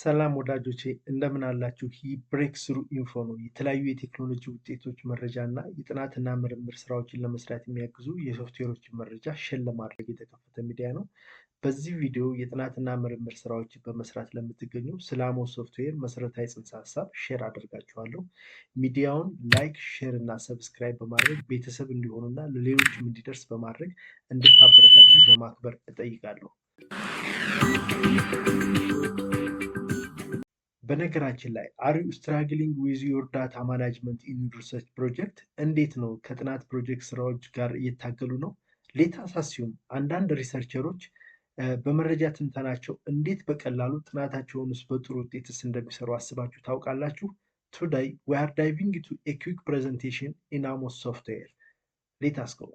ሰላም ወዳጆቼ እንደምን አላችሁ? ይህ ብሬክ ስሩ ኢንፎ ነው። የተለያዩ የቴክኖሎጂ ውጤቶች መረጃ እና የጥናትና ምርምር ስራዎችን ለመስራት የሚያግዙ የሶፍትዌሮችን መረጃ ሸን ለማድረግ የተከፈተ ሚዲያ ነው። በዚህ ቪዲዮ የጥናትና ምርምር ስራዎችን በመስራት ለምትገኙ ስለ ሶፍትዌር መሰረታዊ ጽንሰ ሀሳብ ሼር አድርጋችኋለሁ። ሚዲያውን ላይክ፣ ሼር እና ሰብስክራይብ በማድረግ ቤተሰብ እንዲሆኑና ለሌሎችም እንዲደርስ በማድረግ እንድታበረታችን በማክበር እጠይቃለሁ። በነገራችን ላይ አሪ ስትራግሊንግ ዊዝ ዮር ዳታ ማናጅመንት ኢን ሪሰርች ፕሮጀክት እንዴት ነው? ከጥናት ፕሮጀክት ስራዎች ጋር እየታገሉ ነው። ሌታ አስዩም አንዳንድ ሪሰርቸሮች በመረጃ ትንተናቸው እንዴት በቀላሉ ጥናታቸውንስ በጥሩ ውጤትስ እንደሚሰሩ አስባችሁ ታውቃላችሁ? ቱዳይ ዊ አር ዳይቪንግ ቱ ኤ ኩዊክ ፕሬዘንቴሽን ኢን አሞስ ሶፍትዌር ሌታ ጎ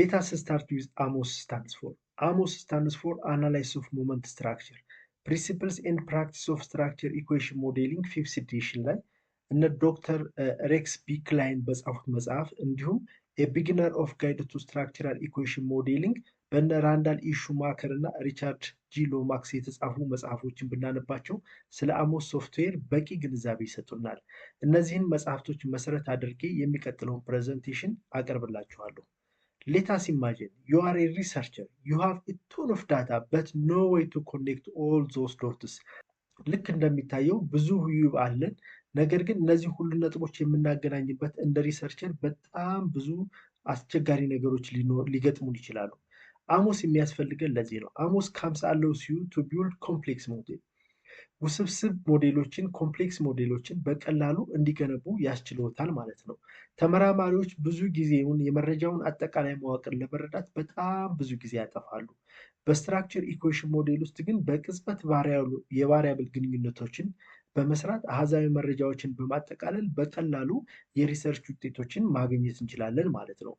ሌታስ ስታርት ዊዝ አሞስ ስታንድስ ፎር አሞስ ስታንድስ ፎር አናላይስ ኦፍ ሞመንት ስትራክቸር ፕሪንሲፕልስ ኤንድ ፕራክቲስ ኦፍ ስትራክቸር ኢኩዌሽን ሞዴሊንግ ፊፍስ ኤዲሽን ላይ እነ ዶክተር ሬክስ ቢ ክላይን በጻፉት መጽሐፍ እንዲሁም የቢግነር ኦፍ ጋይድ ቱ ስትራክቸራል ኢኩዌሽን ሞዴሊንግ በነ ራንዳል ኢሹማከር እና ሪቻርድ ጂ ሎማክስ የተጻፉ መጽሐፎችን ብናነባቸው ስለ አሞስ ሶፍትዌር በቂ ግንዛቤ ይሰጡናል። እነዚህን መጽሐፍቶች መሰረት አድርጌ የሚቀጥለውን ፕሬዘንቴሽን አቀርብላችኋለሁ። ሌት አስ ኢማጂን ዩ አር ኤ ሪሰርቸር ዩ ሃቭ ኤ ቶን ኦፍ ዳታ በት ኖ ዌይ ቱ ኮኔክት ኦል ዞስ ዶትስ። ልክ እንደሚታየው ብዙ ዩብ አለን፣ ነገር ግን እነዚህ ሁሉ ነጥቦች የምናገናኝበት እንደ ሪሰርቸር በጣም ብዙ አስቸጋሪ ነገሮች ሊገጥሙን ይችላሉ። አሞስ የሚያስፈልገን ለዚህ ነው። አሞስ ካምስ አለው ሲዩ ቱ ቢውልድ ኮምፕሌክስ ሞዴል ውስብስብ ሞዴሎችን ኮምፕሌክስ ሞዴሎችን በቀላሉ እንዲገነቡ ያስችልዎታል ማለት ነው። ተመራማሪዎች ብዙ ጊዜውን የመረጃውን አጠቃላይ መዋቅር ለመረዳት በጣም ብዙ ጊዜ ያጠፋሉ። በስትራክቸር ኢኩዌሽን ሞዴል ውስጥ ግን በቅጽበት የቫሪያብል ግንኙነቶችን በመስራት አሃዛዊ መረጃዎችን በማጠቃለል በቀላሉ የሪሰርች ውጤቶችን ማግኘት እንችላለን ማለት ነው።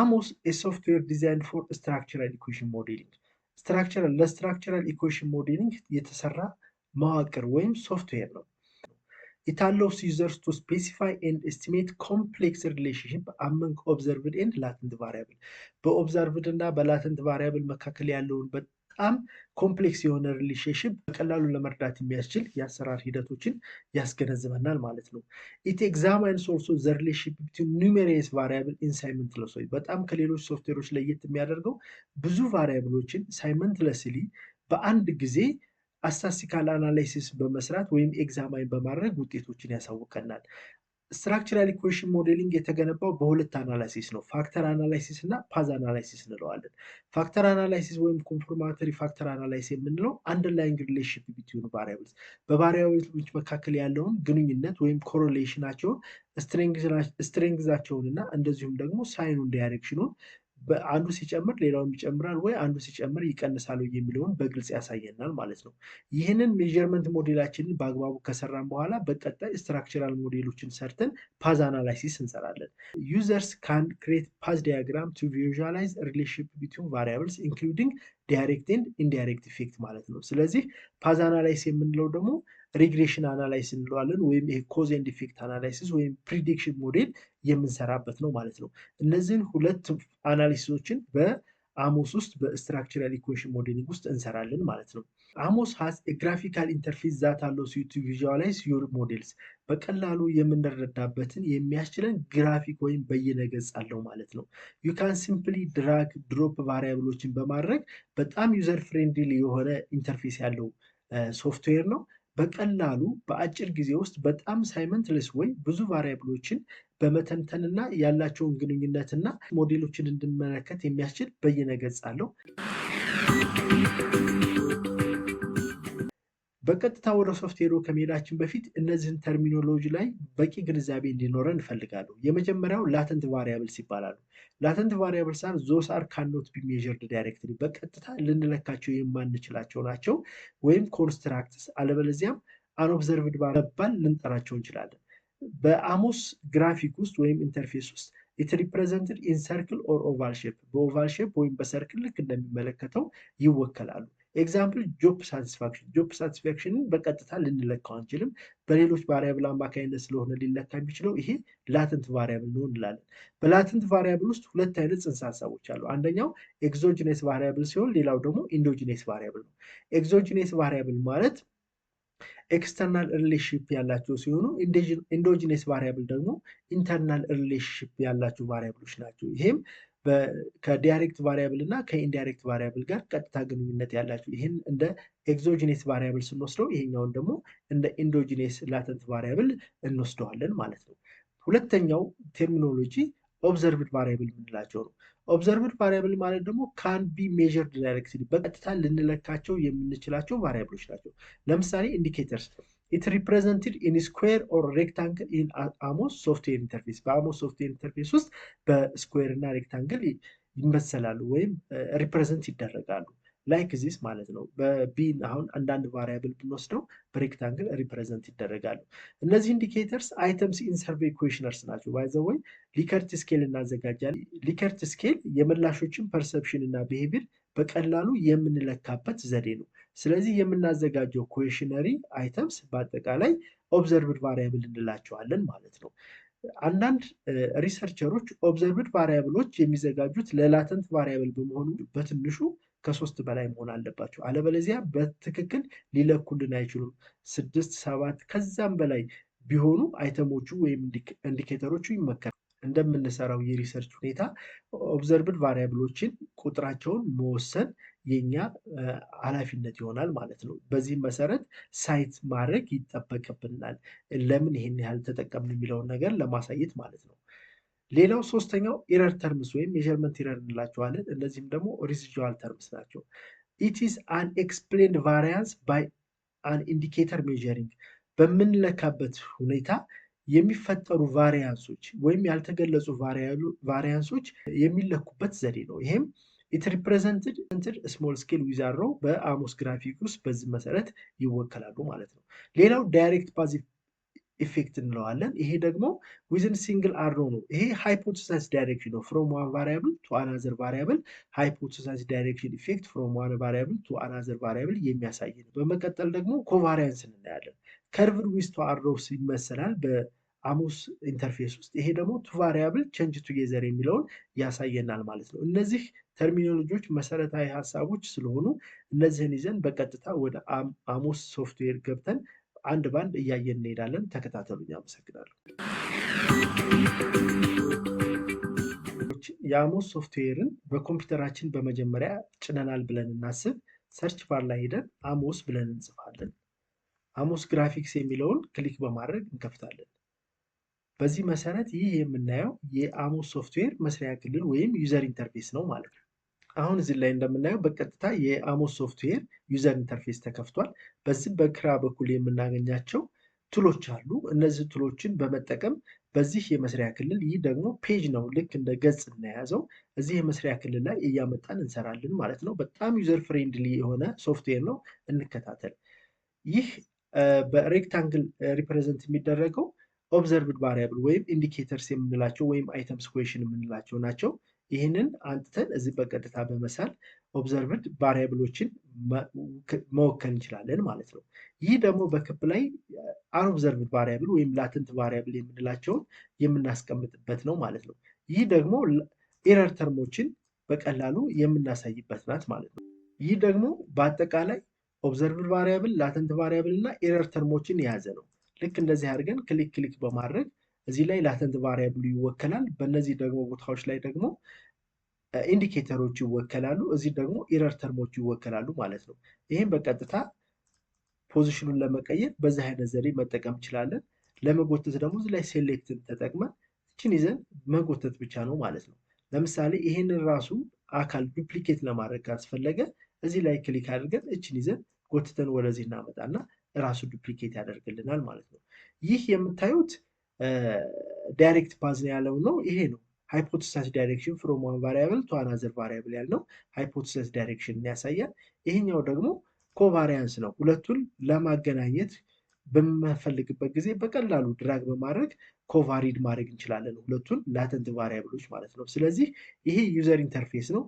አሞስ የሶፍትዌር ዲዛይን ፎር ስትራክቸራል ኢኩዌሽን ሞዴሊንግ ስትራክቸራል ለስትራክቸራል ኢኩዌሽን ሞዴሊንግ የተሰራ መዋቅር ወይም ሶፍትዌር ነው። It allows users to specify and estimate complex relationship among observed and latent variable በኦብዘርቭድ እና በላተንት ቫሪያብል መካከል ያለውን በጣም ኮምፕሌክስ የሆነ ሪሌሽንሽፕ በቀላሉ ለመርዳት የሚያስችል የአሰራር ሂደቶችን ያስገነዝበናል ማለት ነው። ኢት ኤግዛማይንስ ኦልሶ ዘ ሪሌሽንሽፕ ቢትዊን ኒውሜሪየስ ቫሪያብል ኢን ሳይመንትለስሊ በጣም ከሌሎች ሶፍትዌሮች ለየት የሚያደርገው ብዙ ቫሪያብሎችን ሳይመንትለስሊ በአንድ ጊዜ ስታስቲካል አናላይሲስ በመስራት ወይም ኤግዛማይን በማድረግ ውጤቶችን ያሳውቀናል። ስትራክቸራል ኢኩዌሽን ሞዴሊንግ የተገነባው በሁለት አናላይሲስ ነው። ፋክተር አናላይሲስ እና ፓዝ አናላይሲስ እንለዋለን። ፋክተር አናላይሲስ ወይም ኮንፎርማተሪ ፋክተር አናላይሲስ የምንለው አንደርላይንግ ሪሌሽንሽፕ ቢትዊን ቫሪያብልስ በቫሪያብልስ መካከል ያለውን ግንኙነት ወይም ኮሮሌሽናቸውን ስትሬንግዛቸውን እና እንደዚሁም ደግሞ ሳይኑን ዳይሬክሽኑን አንዱ ሲጨምር ሌላውም ይጨምራል ወይ አንዱ ሲጨምር ይቀንሳል ወይ የሚለውን በግልጽ ያሳየናል ማለት ነው። ይህንን ሜዥርመንት ሞዴላችንን በአግባቡ ከሰራን በኋላ በቀጣይ ስትራክቸራል ሞዴሎችን ሰርተን ፓዝ አናላይሲስ እንሰራለን። ዩዘርስ ካን ክሬት ፓዝ ዲያግራም ቱ ቪዥዋላይዝ ሪሌሽንሺፕ ቢትዊን ቫሪያብልስ ኢንክሉዲንግ ዳይሬክት ኤንድ ኢንዳይሬክት ኢፌክት ማለት ነው። ስለዚህ ፓዝ አናላይሲስ የምንለው ደግሞ ሪግሬሽን አናላይስ እንለዋለን ወይም ይሄ ኮዝ ኤንድ ኢፌክት አናላይሲስ ወይም ፕሪዲክሽን ሞዴል የምንሰራበት ነው ማለት ነው። እነዚህን ሁለት አናሊሲሶችን በአሞስ ውስጥ በስትራክቸራል ኢኩዌሽን ሞዴሊንግ ውስጥ እንሰራለን ማለት ነው። አሞስ ሀስ ግራፊካል ኢንተርፌስ ዛት አለው ሲቱ ቪዥዋላይዝ ዩር ሞዴልስ በቀላሉ የምንረዳበትን የሚያስችለን ግራፊክ ወይም በየነገጽ አለው ማለት ነው። ዩ ካን ሲምፕሊ ድራግ ድሮፕ ቫሪያብሎችን በማድረግ በጣም ዩዘር ፍሬንድሊ የሆነ ኢንተርፌስ ያለው ሶፍትዌር ነው። በቀላሉ በአጭር ጊዜ ውስጥ በጣም ሳይመንትለስ ወይ ብዙ ቫሪያብሎችን በመተንተንና ያላቸውን ግንኙነትና ሞዴሎችን እንድመለከት የሚያስችል በይነገጽ አለው። በቀጥታ ወደ ሶፍትዌሩ ከመሄዳችን በፊት እነዚህን ተርሚኖሎጂ ላይ በቂ ግንዛቤ እንዲኖረን እንፈልጋለሁ። የመጀመሪያው ላተንት ቫሪያብልስ ይባላሉ። ላተንት ቫሪያብልስ አር ዞስ አር ካኖት ቢ ሜዥርድ ዳይሬክትሊ በቀጥታ ልንለካቸው የማንችላቸው ናቸው፣ ወይም ኮንስትራክትስ አለበለዚያም አንኦብዘርቭድ ባለባል ልንጠራቸው እንችላለን። በአሞስ ግራፊክ ውስጥ ወይም ኢንተርፌስ ውስጥ ኢት ሪፕሬዘንትድ ኢን ሰርክል ኦር ኦቫል ሼፕ በኦቫል ሼፕ ወይም በሰርክል ልክ እንደሚመለከተው ይወከላሉ። ኤግዛምፕል ጆብ ሳቲስፋክሽን ጆብ ሳቲስፋክሽንን በቀጥታ ልንለካው አንችልም። በሌሎች ቫሪያብል አማካኝነት ስለሆነ ሊለካ የሚችለው ይሄ ላትንት ቫሪያብል ነው እንላለን። በላትንት ቫሪያብል ውስጥ ሁለት አይነት ጽንሰ ሀሳቦች አሉ። አንደኛው ኤግዞጂኔስ ቫሪያብል ሲሆን ሌላው ደግሞ ኢንዶጂኔስ ቫሪያብል ነው። ኤግዞጂኔስ ቫሪያብል ማለት ኤክስተርናል ሪሌሽንሽፕ ያላቸው ሲሆኑ ኢንዶጂኔስ ቫሪያብል ደግሞ ኢንተርናል ሪሌሽንሽፕ ያላቸው ቫሪያብሎች ናቸው። ይሄም ከዳይሬክት ቫሪያብል እና ከኢንዳይሬክት ቫሪያብል ጋር ቀጥታ ግንኙነት ያላቸው ይህን እንደ ኤግዞጂኔስ ቫሪያብል ስንወስደው ይሄኛውን ደግሞ እንደ ኢንዶጂኔስ ላተንት ቫሪያብል እንወስደዋለን ማለት ነው። ሁለተኛው ቴርሚኖሎጂ ኦብዘርቭድ ቫሪያብል የምንላቸው ነው። ኦብዘርቭድ ቫሪያብል ማለት ደግሞ ካን ቢ ሜዥርድ ዳይሬክትሊ በቀጥታ ልንለካቸው የምንችላቸው ቫሪያብሎች ናቸው። ለምሳሌ ኢንዲኬተርስ ኢት ሪፕሬዘንትድ ኢን ስኩዌር ኦር ሬክታንግል ኢን አሞስ ሶፍትዌር ኢንተርፌስ በአሞስ ሶፍትዌር ኢንተርፌስ ውስጥ በስኩዌር እና ሬክታንግል ይመሰላሉ ወይም ሪፕሬዘንት ይደረጋሉ ላይክ ዚስ ማለት ነው። በቢን አሁን አንዳንድ ቫሪያብል ብንወስደው በሬክታንግል ሪፕሬዘንት ይደረጋሉ። እነዚህ ኢንዲኬተርስ አይተምስ ኢን ሰርቬይ ኩዌሽነርስ ናቸው። ባይዘወይ ሊከርት ስኬል እናዘጋጃለን። ሊከርት ስኬል የምላሾችን ፐርሰፕሽን እና ብሄቪር በቀላሉ የምንለካበት ዘዴ ነው። ስለዚህ የምናዘጋጀው ኮሽነሪ አይተምስ በአጠቃላይ ኦብዘርቭድ ቫሪያብል እንላቸዋለን ማለት ነው። አንዳንድ ሪሰርቸሮች ኦብዘርቭድ ቫሪያብሎች የሚዘጋጁት ለላተንት ቫሪያብል በመሆኑ በትንሹ ከሶስት በላይ መሆን አለባቸው። አለበለዚያ በትክክል ሊለኩልን አይችሉም። ስድስት፣ ሰባት ከዛም በላይ ቢሆኑ አይተሞቹ ወይም ኢንዲኬተሮቹ ይመከራል። እንደምንሰራው የሪሰርች ሁኔታ ኦብዘርቭድ ቫሪያብሎችን ቁጥራቸውን መወሰን የኛ ኃላፊነት ይሆናል ማለት ነው። በዚህ መሰረት ሳይት ማድረግ ይጠበቅብናል። ለምን ይሄን ያህል ተጠቀምን የሚለውን ነገር ለማሳየት ማለት ነው። ሌላው ሶስተኛው ኢረር ተርምስ ወይም ሜዠርመንት ኢረር እንላቸዋለን። እነዚህም ደግሞ ሪዚጁዋል ተርምስ ናቸው። ኢትስ አን ኤክስፕሌንድ ቫሪያንስ ባይ አን ኢንዲኬተር ሜዠሪንግ በምንለካበት ሁኔታ የሚፈጠሩ ቫሪያንሶች ወይም ያልተገለጹ ቫሪያንሶች የሚለኩበት ዘዴ ነው። ይሄም ኢት ሪፕሬዘንትድ ስሞል ስኬል ዊዛር በአሞስ ግራፊክ ውስጥ በዚህ መሰረት ይወከላሉ ማለት ነው። ሌላው ዳይሬክት ፓዝ ኢፌክት እንለዋለን። ይሄ ደግሞ ዊዝን ሲንግል አር ነው ይሄ ሃይፖቴሳይዝ ዳይሬክሽን ነው ፍሮም ዋን ቫሪያብል ቱ አናዘር ቫሪያብል ሃይፖቴሳይዝ ዳይሬክሽን ኢፌክት ፍሮም ዋን ቫሪያብል ቱ አናዘር ቫሪያብል የሚያሳይ ነው። በመቀጠል ደግሞ ኮቫሪያንስ እናያለን። ከርቭድ ዊዝ ቱ አር ሮውስ ይመሰላል በ አሙስ ኢንተርፌስ ውስጥ ይሄ ደግሞ ቱ ቫሪያብል ቼንጅ ቱጌዘር የሚለውን ያሳየናል ማለት ነው። እነዚህ ተርሚኖሎጂዎች መሰረታዊ ሀሳቦች ስለሆኑ እነዚህን ይዘን በቀጥታ ወደ አሞስ ሶፍትዌር ገብተን አንድ ባንድ እያየን እንሄዳለን። ተከታተሉኝ። አመሰግናለሁ። የአሞስ ሶፍትዌርን በኮምፒውተራችን በመጀመሪያ ጭነናል ብለን እናስብ። ሰርች ባር ላይ ሄደን አሞስ ብለን እንጽፋለን። አሞስ ግራፊክስ የሚለውን ክሊክ በማድረግ እንከፍታለን። በዚህ መሰረት ይህ የምናየው የአሞስ ሶፍትዌር መስሪያ ክልል ወይም ዩዘር ኢንተርፌስ ነው ማለት ነው። አሁን እዚህ ላይ እንደምናየው በቀጥታ የአሞስ ሶፍትዌር ዩዘር ኢንተርፌስ ተከፍቷል። በዚህ በግራ በኩል የምናገኛቸው ትሎች አሉ። እነዚህ ትሎችን በመጠቀም በዚህ የመስሪያ ክልል ይህ ደግሞ ፔጅ ነው፣ ልክ እንደ ገጽ እናያዘው እዚህ የመስሪያ ክልል ላይ እያመጣን እንሰራለን ማለት ነው። በጣም ዩዘር ፍሬንድሊ የሆነ ሶፍትዌር ነው። እንከታተል። ይህ በሬክታንግል ሪፕሬዘንት የሚደረገው ኦብዘርቭድ ቫሪያብል ወይም ኢንዲኬተርስ የምንላቸው ወይም አይተምስ ኩዌሽን የምንላቸው ናቸው። ይህንን አንጥተን እዚህ በቀጥታ በመሳል ኦብዘርቭድ ቫሪያብሎችን መወከል እንችላለን ማለት ነው። ይህ ደግሞ በክብ ላይ አንኦብዘርቭድ ቫሪያብል ወይም ላትንት ቫሪያብል የምንላቸውን የምናስቀምጥበት ነው ማለት ነው። ይህ ደግሞ ኤረር ተርሞችን በቀላሉ የምናሳይበት ናት ማለት ነው። ይህ ደግሞ በአጠቃላይ ኦብዘርቭድ ቫሪያብል፣ ላትንት ቫሪያብል እና ኤረር ተርሞችን የያዘ ነው። ልክ እንደዚህ አድርገን ክሊክ ክሊክ በማድረግ እዚህ ላይ ላተንት ቫሪያብሉ ይወከላል። በእነዚህ ደግሞ ቦታዎች ላይ ደግሞ ኢንዲኬተሮች ይወከላሉ። እዚህ ደግሞ ኢረር ተርሞች ይወከላሉ ማለት ነው። ይህም በቀጥታ ፖዚሽኑን ለመቀየር በዚህ አይነት ዘዴ መጠቀም እንችላለን። ለመጎተት ደግሞ እዚህ ላይ ሴሌክትን ተጠቅመን እችን ይዘን መጎተት ብቻ ነው ማለት ነው። ለምሳሌ ይሄንን ራሱ አካል ዱፕሊኬት ለማድረግ ካስፈለገ እዚህ ላይ ክሊክ አድርገን እችን ይዘን ጎትተን ወደዚህ እናመጣና ራሱ ዱፕሊኬት ያደርግልናል ማለት ነው። ይህ የምታዩት ዳይሬክት ፓዝ ነው ያለው ነው ይሄ ነው ሃይፖቴሳስ ዳይሬክሽን ፍሮም ዋን ቫሪያብል ቱ አናዘር ቫሪያብል ያልነው ሃይፖቴሳስ ዳይሬክሽን ያሳያል። ይሄኛው ደግሞ ኮቫሪያንስ ነው። ሁለቱን ለማገናኘት በምንፈልግበት ጊዜ በቀላሉ ድራግ በማድረግ ኮቫሪድ ማድረግ እንችላለን፣ ሁለቱን ላተንት ቫሪያብሎች ማለት ነው። ስለዚህ ይሄ ዩዘር ኢንተርፌስ ነው።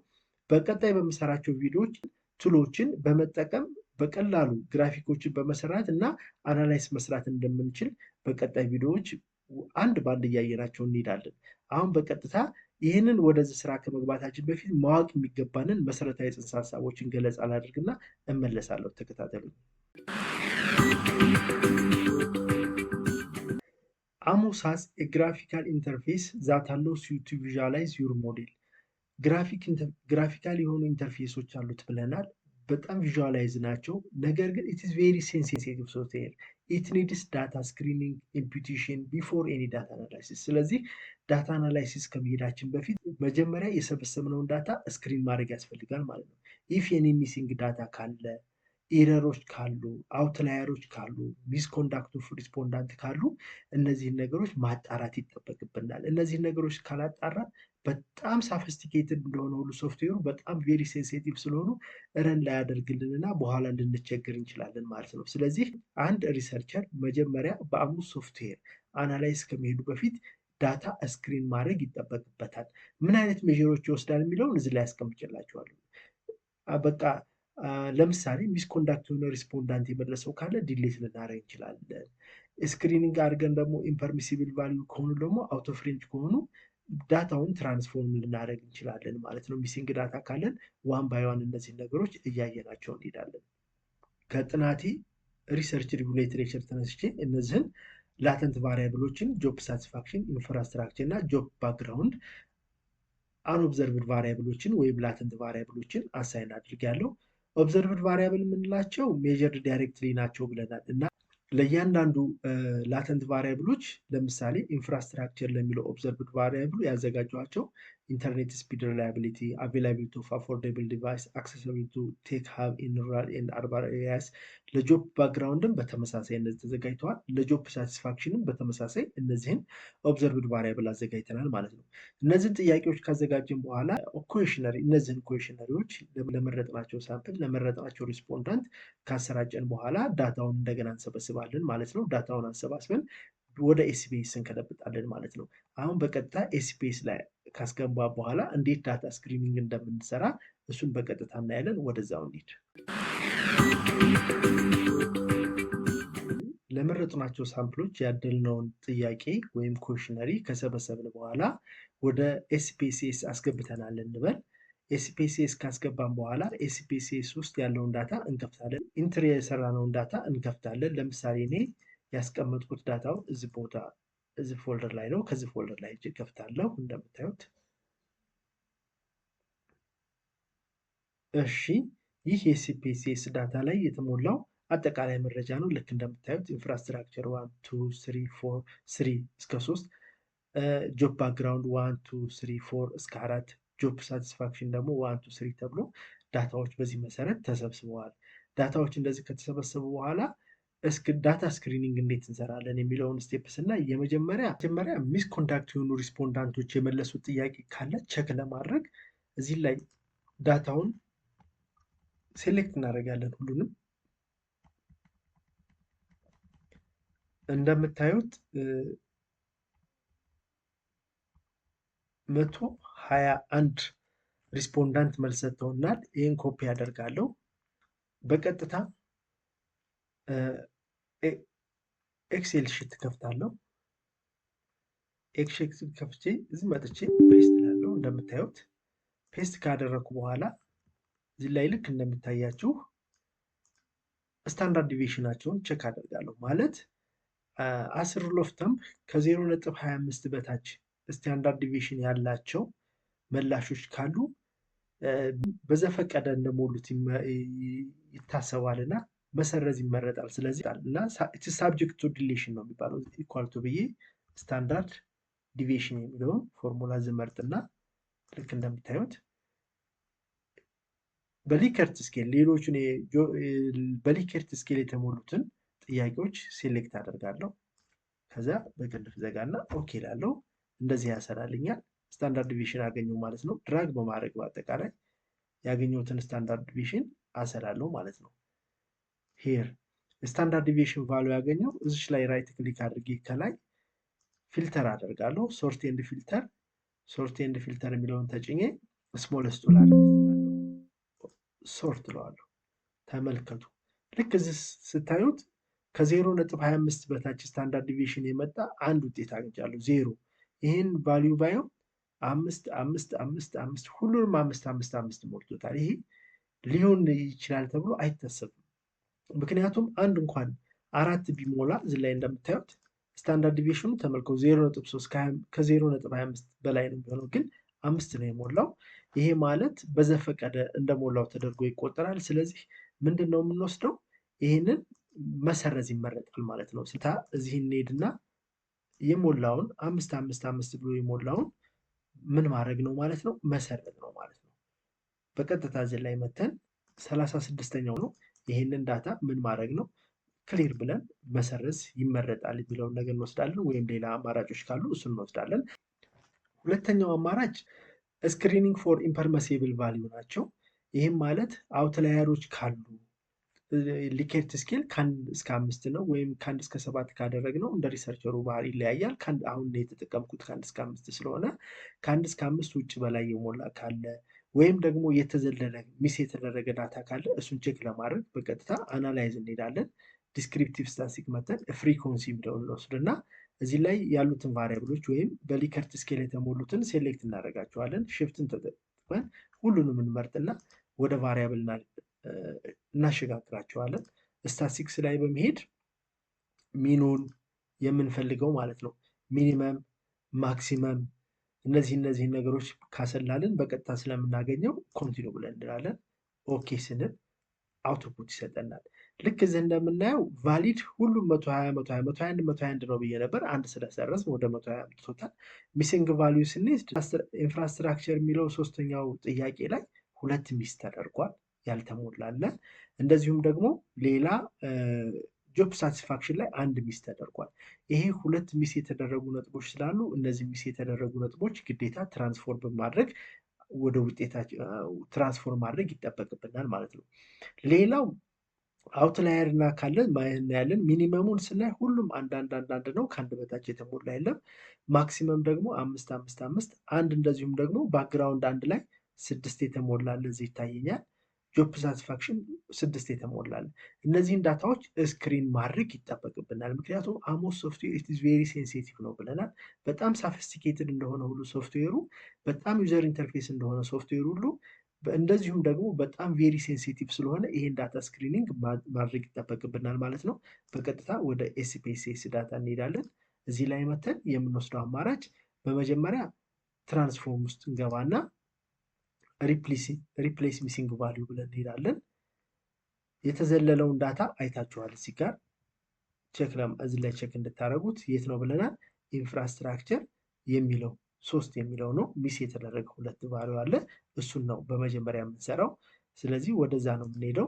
በቀጣይ በምሰራቸው ቪዲዮዎች ቱሎችን በመጠቀም በቀላሉ ግራፊኮችን በመሰራት እና አናላይስ መስራት እንደምንችል በቀጣይ ቪዲዮዎች አንድ በአንድ እያየናቸው እንሄዳለን። አሁን በቀጥታ ይህንን ወደዚህ ስራ ከመግባታችን በፊት ማወቅ የሚገባንን መሰረታዊ ጽንሰ ሀሳቦችን ገለጻ ላድርግና እመለሳለሁ። ተከታተሉ። አሞስ ሃዝ ኤ ግራፊካል ኢንተርፌስ ዛት አላውስ ዩ ቱ ቪዥዋላይዝ ዩር ሞዴል። ግራፊካል የሆኑ ኢንተርፌሶች አሉት ብለናል። በጣም ቪዥዋላይዝ ናቸው። ነገር ግን ኢትስ ቬሪ ሴንሲቲቭ ሶፍትዌር ኢት ኒድስ ዳታ ስክሪኒንግ ኢምፒቲሽን ቢፎር ኤኒ ዳታ አናላይሲስ። ስለዚህ ዳታ አናላይሲስ ከመሄዳችን በፊት መጀመሪያ የሰበሰብነውን ዳታ ስክሪን ማድረግ ያስፈልጋል ማለት ነው። ኢፍ ኤኒ ሚሲንግ ዳታ ካለ ኢረሮች ካሉ አውትላየሮች ካሉ ሚስኮንዳክቱ ሪስፖንዳንት ካሉ እነዚህን ነገሮች ማጣራት ይጠበቅብናል። እነዚህን ነገሮች ካላጣራ በጣም ሳፊስቲኬትድ እንደሆነ ሁሉ ሶፍትዌሩ በጣም ቬሪ ሴንሴቲቭ ስለሆኑ ረን ላያደርግልን እና በኋላ እንድንቸገር እንችላለን ማለት ነው። ስለዚህ አንድ ሪሰርቸር መጀመሪያ በአንዱ ሶፍትዌር አናላይዝ ከመሄዱ በፊት ዳታ ስክሪን ማድረግ ይጠበቅበታል። ምን አይነት ሜዥሮች ይወስዳል የሚለውን እዚህ ላይ ያስቀምጭላቸዋለሁ። በቃ ለምሳሌ ሚስኮንዳክት የሆነ ሪስፖንዳንት የመለሰው ካለ ዲሌት ልናደርግ እንችላለን። ስክሪኒንግ አድርገን ደግሞ ኢምፐርሚሲብል ቫሊዩ ከሆኑ ደግሞ አውቶ ኦፍ ከሆኑ ዳታውን ትራንስፎርም ልናደርግ እንችላለን ማለት ነው። ሚሲንግ ዳታ ካለን ዋን ባይ ዋን እነዚህን ነገሮች እያየናቸው እንሄዳለን። ከጥናቴ ሪሰርች ሪቪው ሊትሬቸር ተነስቼ እነዚህን ላተንት ቫሪያብሎችን ጆብ ሳቲስፋክሽን፣ ኢንፍራስትራክቸር እና ጆብ ባክግራውንድ አንኦብዘርቭድ ቫሪያብሎችን ወይም ላተንት ቫሪያብሎችን አሳይን አድርጌያለሁ። ኦብዘርቭድ ቫሪያብል የምንላቸው ሜጀርድ ዳይሬክትሊ ናቸው ብለናል እና ለእያንዳንዱ ላተንት ቫሪያብሎች ለምሳሌ ኢንፍራስትራክቸር ለሚለው ኦብዘርቭድ ቫሪያብሉ ያዘጋጇቸው internet speed reliability, available to affordable device, accessible to tech hub in rural and urban areas ለጆብ ባክግራውንድን በተመሳሳይ እነዚህ ተዘጋጅተዋል። ለጆብ ሳቲስፋክሽንም በተመሳሳይ እነዚህን ኦብዘርቭድ ቫሪያብል አዘጋጅተናል ማለት ነው። እነዚህን ጥያቄዎች ካዘጋጀን በኋላ ኮሽነሪ እነዚህን ኮሽነሪዎች ለመረጥናቸው ሳምፕል ለመረጥናቸው ሪስፖንዳንት ካሰራጨን በኋላ ዳታውን እንደገና እንሰበስባለን ማለት ነው። ዳታውን አሰባስበን ወደ ኤስቢኤስ እንከለብጣለን ማለት ነው። አሁን በቀጥታ ኤስቢኤስ ላይ ካስገባ በኋላ እንዴት ዳታ ስክሪኒንግ እንደምንሰራ እሱን በቀጥታ እናያለን። ወደዛው እንሂድ። ለመረጥናቸው ሳምፕሎች ያደልነውን ጥያቄ ወይም ኮሽነሪ ከሰበሰብን በኋላ ወደ ኤስፒሲኤስ አስገብተናል እንበል። ኤስፒሲኤስ ካስገባን በኋላ ኤስፒሲኤስ ውስጥ ያለውን ዳታ እንከፍታለን። ኢንትሪ የሰራነውን ዳታ እንከፍታለን። ለምሳሌ እኔ ያስቀመጥኩት ዳታው እዚህ ቦታ እዚህ ፎልደር ላይ ነው። ከዚህ ፎልደር ላይ እጅ ከፍታለሁ እንደምታዩት። እሺ ይህ የሲፒሲስ ዳታ ላይ የተሞላው አጠቃላይ መረጃ ነው። ልክ እንደምታዩት ኢንፍራስትራክቸር ዋን ቱ ስሪ ፎር ስሪ እስከ ሶስት ጆብ ባክግራውንድ ዋን ቱ ስሪ ፎር እስከ አራት ጆብ ሳቲስፋክሽን ደግሞ ዋን ቱ ስሪ ተብሎ ዳታዎች በዚህ መሰረት ተሰብስበዋል። ዳታዎች እንደዚህ ከተሰበሰቡ በኋላ ዳታ ስክሪኒንግ እንዴት እንሰራለን የሚለውን ስቴፕስ እና የመጀመሪያ መጀመሪያ ሚስ ኮንዳክት የሆኑ ሪስፖንዳንቶች የመለሱት ጥያቄ ካለ ቸክ ለማድረግ እዚህ ላይ ዳታውን ሴሌክት እናደርጋለን። ሁሉንም እንደምታዩት መቶ ሀያ አንድ ሪስፖንዳንት መልስ ሰጥተውናል። ይህን ኮፒ ያደርጋለሁ በቀጥታ ኤክሴል ሽት ከፍታለሁ። ኤክሴል ከፍቼ እዚህ መጥቼ ፔስት ላለው እንደምታዩት ፔስት ካደረግኩ በኋላ እዚህ ላይ ልክ እንደሚታያችሁ ስታንዳርድ ዲቪሽናቸውን ቼክ አደርጋለሁ። ማለት አስር ሩል ኦፍ ተምፕ ከዜሮ ነጥብ ሀያ አምስት በታች ስታንዳርድ ዲቪሽን ያላቸው መላሾች ካሉ በዘፈቀደ እንደሞሉት ይታሰባልና መሰረዝ ይመረጣል። ስለዚህ እና ሳብጀክት ቱ ዲሌሽን ነው የሚባለው ኢኳል ቱ ብዬ ስታንዳርድ ዲቪሽን የሚለውን ፎርሙላ ዝመርጥና ልክ እንደምታዩት በሊከርት ስኬል ሌሎቹን በሊከርት ስኬል የተሞሉትን ጥያቄዎች ሴሌክት አደርጋለሁ። ከዚያ በቅንፍ ዘጋና ኦኬ ላለው እንደዚህ ያሰላልኛል። ስታንዳርድ ዲቪሽን አገኘው ማለት ነው። ድራግ በማድረግ በአጠቃላይ ያገኘሁትን ስታንዳርድ ዲቪሽን አሰላለሁ ማለት ነው። ሄር ስታንዳርድ ዲቪሽን ቫሉ ያገኘው እዚች ላይ ራይት ክሊክ አድርጌ ከላይ ፊልተር አደርጋለሁ። ሶርት ኤንድ ፊልተር ሶርት ኤንድ ፊልተር የሚለውን ተጭኜ ስሞለስቱ ላይ ሶርት ለዋለሁ። ተመልከቱ። ልክ እዚህ ስታዩት ከዜሮ ነጥብ ሀያ አምስት በታች ስታንዳርድ ዲቪሽን የመጣ አንድ ውጤት አግኝቻለሁ። ዜሮ ይህን ቫልዩ ባየው አምስት አምስት አምስት አምስት ሁሉንም አምስት አምስት አምስት ሞልቶታል። ይሄ ሊሆን ይችላል ተብሎ አይታሰብም። ምክንያቱም አንድ እንኳን አራት ቢሞላ እዚህ ላይ እንደምታዩት ስታንዳርድ ዲቪሽኑ ተመልከው ዜሮ ነጥብ ሶስት ከዜሮ ነጥብ ሀያ አምስት በላይ ነው የሚሆነው ግን አምስት ነው የሞላው። ይሄ ማለት በዘፈቀደ እንደሞላው ተደርጎ ይቆጠራል። ስለዚህ ምንድን ነው የምንወስደው? ይህንን መሰረዝ ይመረጣል ማለት ነው። ስታ እዚህ እንሄድና የሞላውን አምስት አምስት አምስት ብሎ የሞላውን ምን ማድረግ ነው ማለት ነው መሰረዝ ነው ማለት ነው። በቀጥታ እዚህ ላይ መተን ሰላሳ ስድስተኛው ነው ይህንን ዳታ ምን ማድረግ ነው ክሊር ብለን መሰረዝ ይመረጣል የሚለውን ነገር እንወስዳለን፣ ወይም ሌላ አማራጮች ካሉ እሱን እንወስዳለን። ሁለተኛው አማራጭ ስክሪኒንግ ፎር ኢምፐርመሲብል ቫሊዩ ናቸው። ይህም ማለት አውትላየሮች ካሉ ሊኬት ስኬል ከአንድ እስከ አምስት ነው ወይም ከአንድ እስከ ሰባት ነው እንደ ሪሰርቸሩ ባህል ይለያያል። አሁን የተጠቀምኩት ከአንድ እስከ አምስት ስለሆነ ከአንድ እስከ አምስት ውጭ በላይ የሞላ ካለ ወይም ደግሞ የተዘለለ ሚስ የተደረገ ዳታ ካለ እሱን ቼክ ለማድረግ በቀጥታ አናላይዝ እንሄዳለን። ዲስክሪፕቲቭ ስታሲክ መተን ፍሪኮንሲ የሚለውን እና እዚህ ላይ ያሉትን ቫሪያብሎች ወይም በሊከርት ስኬል የተሞሉትን ሴሌክት እናደርጋቸዋለን። ሽፍትን ተጠቅመን ሁሉንም እንመርጥና ወደ ቫሪያብል እናሸጋግራቸዋለን። ስታሲክስ ላይ በመሄድ ሚኑን የምንፈልገው ማለት ነው ሚኒመም ማክሲመም እነዚህ እነዚህ ነገሮች ካሰላልን በቀጥታ ስለምናገኘው ኮንቲኒ ብለን እንላለን። ኦኬ ስንል አውትፑት ይሰጠናል። ልክ እዚህ እንደምናየው ቫሊድ ሁሉም 120 120 121 ነው ብዬ ነበር። አንድ ስለሰረዝ ወደ 120 አምጥቶታል። ሚሲንግ ቫሊዩ ስንሄድ ኢንፍራስትራክቸር የሚለው ሶስተኛው ጥያቄ ላይ ሁለት ሚስ ተደርጓል። ያልተሞላለ እንደዚሁም ደግሞ ሌላ ጆብ ሳቲስፋክሽን ላይ አንድ ሚስ ተደርጓል። ይሄ ሁለት ሚስ የተደረጉ ነጥቦች ስላሉ እነዚህ ሚስ የተደረጉ ነጥቦች ግዴታ ትራንስፎርም በማድረግ ወደ ውጤታችን ትራንስፎርም ማድረግ ይጠበቅብናል ማለት ነው። ሌላው አውትላየር እና ካለን እናያለን። ሚኒመሙን ስናይ ሁሉም አንዳንድ አንዳንድ ነው፣ ከአንድ በታች የተሞላ የለም። ማክሲመም ደግሞ አምስት አምስት አምስት አንድ እንደዚሁም ደግሞ ባክግራውንድ አንድ ላይ ስድስት የተሞላ እንደዚህ ይታየኛል። ጆብ ሳትስፋክሽን ስድስት የተሞላል። እነዚህን ዳታዎች ስክሪን ማድረግ ይጠበቅብናል። ምክንያቱም አሞስ ሶፍትዌር ኢትዝ ቬሪ ሴንሲቲቭ ነው ብለናል። በጣም ሳፊስቲኬትድ እንደሆነ ሁሉ ሶፍትዌሩ በጣም ዩዘር ኢንተርፌስ እንደሆነ ሶፍትዌር ሁሉ እንደዚሁም ደግሞ በጣም ቬሪ ሴንሲቲቭ ስለሆነ ይሄን ዳታ ስክሪኒንግ ማድረግ ይጠበቅብናል ማለት ነው። በቀጥታ ወደ ኤስፒኤስኤስ ዳታ እንሄዳለን። እዚህ ላይ መተን የምንወስደው አማራጭ በመጀመሪያ ትራንስፎርም ውስጥ እንገባና ሪፕሌስ ሚሲንግ ቫሊዩ ብለን እንሄዳለን። የተዘለለውን ዳታ አይታችኋል። እዚህ ጋር ቼክ እዚህ ላይ ቼክ እንድታደረጉት የት ነው ብለናል። ኢንፍራስትራክቸር የሚለው ሶስት የሚለው ነው። ሚስ የተደረገ ሁለት ቫሊዩ አለ። እሱን ነው በመጀመሪያ የምንሰራው። ስለዚህ ወደዛ ነው የምንሄደው።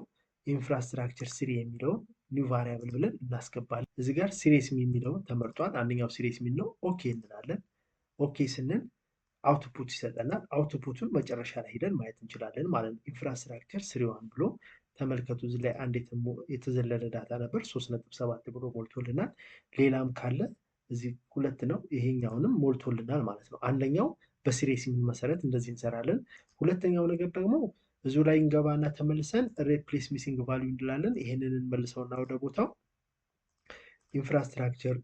ኢንፍራስትራክቸር ስሪ የሚለውን ኒው ቫሪያብል ብለን እናስገባለን። እዚህ ጋር ሲሪየስ የሚለውን ተመርጧል። አንደኛው ሲሪየስ የሚል ነው። ኦኬ እንላለን። ኦኬ ስንል አውትፑት ይሰጠናል። አውትፑቱን መጨረሻ ላይ ሄደን ማየት እንችላለን ማለት ነው። ኢንፍራስትራክቸር ስሪዋን ብሎ ተመልከቱ። እዚህ ላይ አንድ የተዘለለ ዳታ ነበር፣ ሶስት ነጥብ ሰባት ብሎ ሞልቶልናል። ሌላም ካለ እዚህ ሁለት ነው፣ ይሄኛውንም ሞልቶልናል ማለት ነው። አንደኛው በሲሬሲንግ መሰረት እንደዚህ እንሰራለን። ሁለተኛው ነገር ደግሞ እዚሁ ላይ እንገባና ተመልሰን ሬፕሌስ ሚሲንግ ቫሊዩ እንላለን። ይሄንን እንመልሰውና ወደ ቦታው ኢንፍራስትራክቸር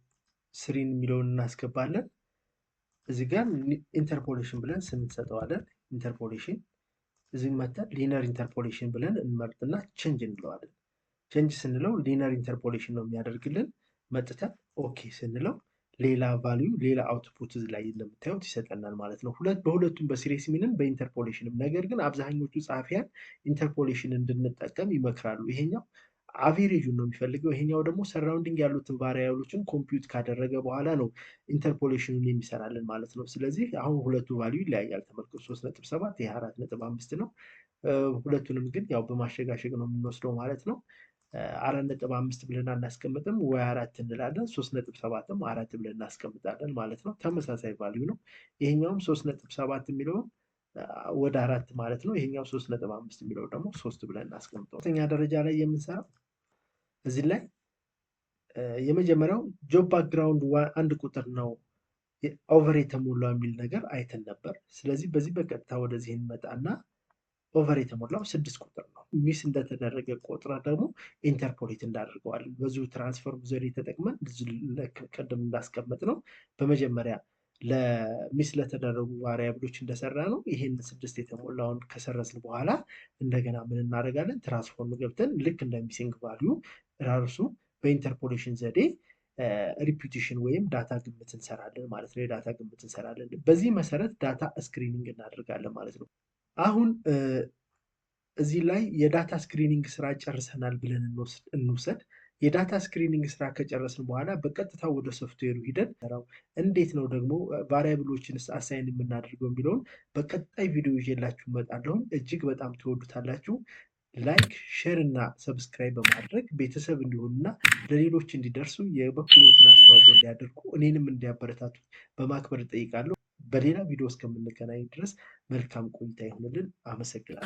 ስሪን የሚለውን እናስገባለን። እዚህ ጋር ኢንተርፖሌሽን ብለን ስም እንሰጠዋለን። ኢንተርፖሌሽን እዚህ መተን ሊነር ኢንተርፖሌሽን ብለን እንመርጥና ቼንጅ እንለዋለን። ቼንጅ ስንለው ሊነር ኢንተርፖሌሽን ነው የሚያደርግልን። መጥተን ኦኬ ስንለው ሌላ ቫልዩ ሌላ አውትፑት ላይ እንደምታዩት ይሰጠናል ማለት ነው። ሁለት በሁለቱም በሲሪስ ሚንም በኢንተርፖሌሽንም። ነገር ግን አብዛኞቹ ጸሐፊያን ኢንተርፖሌሽን እንድንጠቀም ይመክራሉ። ይሄኛው አቬሬጁን ነው የሚፈልገው። ይሄኛው ደግሞ ሰራውንዲንግ ያሉትን ቫሪያብሎችን ኮምፒውት ካደረገ በኋላ ነው ኢንተርፖሌሽኑን የሚሰራልን ማለት ነው። ስለዚህ አሁን ሁለቱ ቫልዩ ይለያያል። ተመልከቱ፣ ሶስት ነጥብ ሰባት ይህ አራት ነጥብ አምስት ነው። ሁለቱንም ግን ያው በማሸጋሸግ ነው የምንወስደው ማለት ነው። አራት ነጥብ አምስት ብለን አናስቀምጥም ወይ አራት እንላለን። ሶስት ነጥብ ሰባትም አራት ብለን እናስቀምጣለን ማለት ነው። ተመሳሳይ ቫሊዩ ነው። ይሄኛውም ሶስት ነጥብ ሰባት የሚለውን ወደ አራት ማለት ነው። ይሄኛው ሶስት ነጥብ አምስት የሚለው ደግሞ ሶስት ብለን እናስቀምጠው። ሁለተኛ ደረጃ ላይ የምንሰራው እዚህ ላይ የመጀመሪያው ጆብ ባክግራውንድ አንድ ቁጥር ነው ኦቨር የተሞላው የሚል ነገር አይተን ነበር። ስለዚህ በዚህ በቀጥታ ወደዚህ እንመጣና ኦቨር የተሞላው ስድስት ቁጥር ነው። ሚስ እንደተደረገ ቆጥረ ደግሞ ኢንተርፖሌት እንዳደርገዋል። በዚሁ ትራንስፎርም ዘዴ ተጠቅመን ቅድም እንዳስቀመጥ ነው በመጀመሪያ ለሚስ ለተደረጉ ቫሪያብሎች እንደሰራ ነው። ይህን ስድስት የተሞላውን ከሰረዝን በኋላ እንደገና ምን እናደርጋለን? ትራንስፎርም ገብተን ልክ እንደ ሚሲንግ ቫልዩ ራርሱ በኢንተርፖሌሽን ዘዴ ሪፒቲሽን ወይም ዳታ ግምት እንሰራለን ማለት ነው። የዳታ ግምት እንሰራለን። በዚህ መሰረት ዳታ ስክሪኒንግ እናደርጋለን ማለት ነው። አሁን እዚህ ላይ የዳታ ስክሪኒንግ ስራ ጨርሰናል ብለን እንውሰድ። የዳታ ስክሪኒንግ ስራ ከጨረስን በኋላ በቀጥታ ወደ ሶፍትዌሩ ሂደን ራው እንዴት ነው ደግሞ ቫሪያብሎችን አሳይን የምናደርገው የሚለውን በቀጣይ ቪዲዮ ይዤላችሁ እመጣለሁኝ። እጅግ በጣም ትወዱታላችሁ። ላይክ፣ ሼር እና ሰብስክራይብ በማድረግ ቤተሰብ እንዲሆኑና ለሌሎች እንዲደርሱ የበኩሎትን አስተዋጽኦ እንዲያደርጉ እኔንም እንዲያበረታቱ በማክበር እጠይቃለሁ። በሌላ ቪዲዮ እስከምንገናኝ ድረስ መልካም ቆይታ ይሆንልን። አመሰግናለሁ።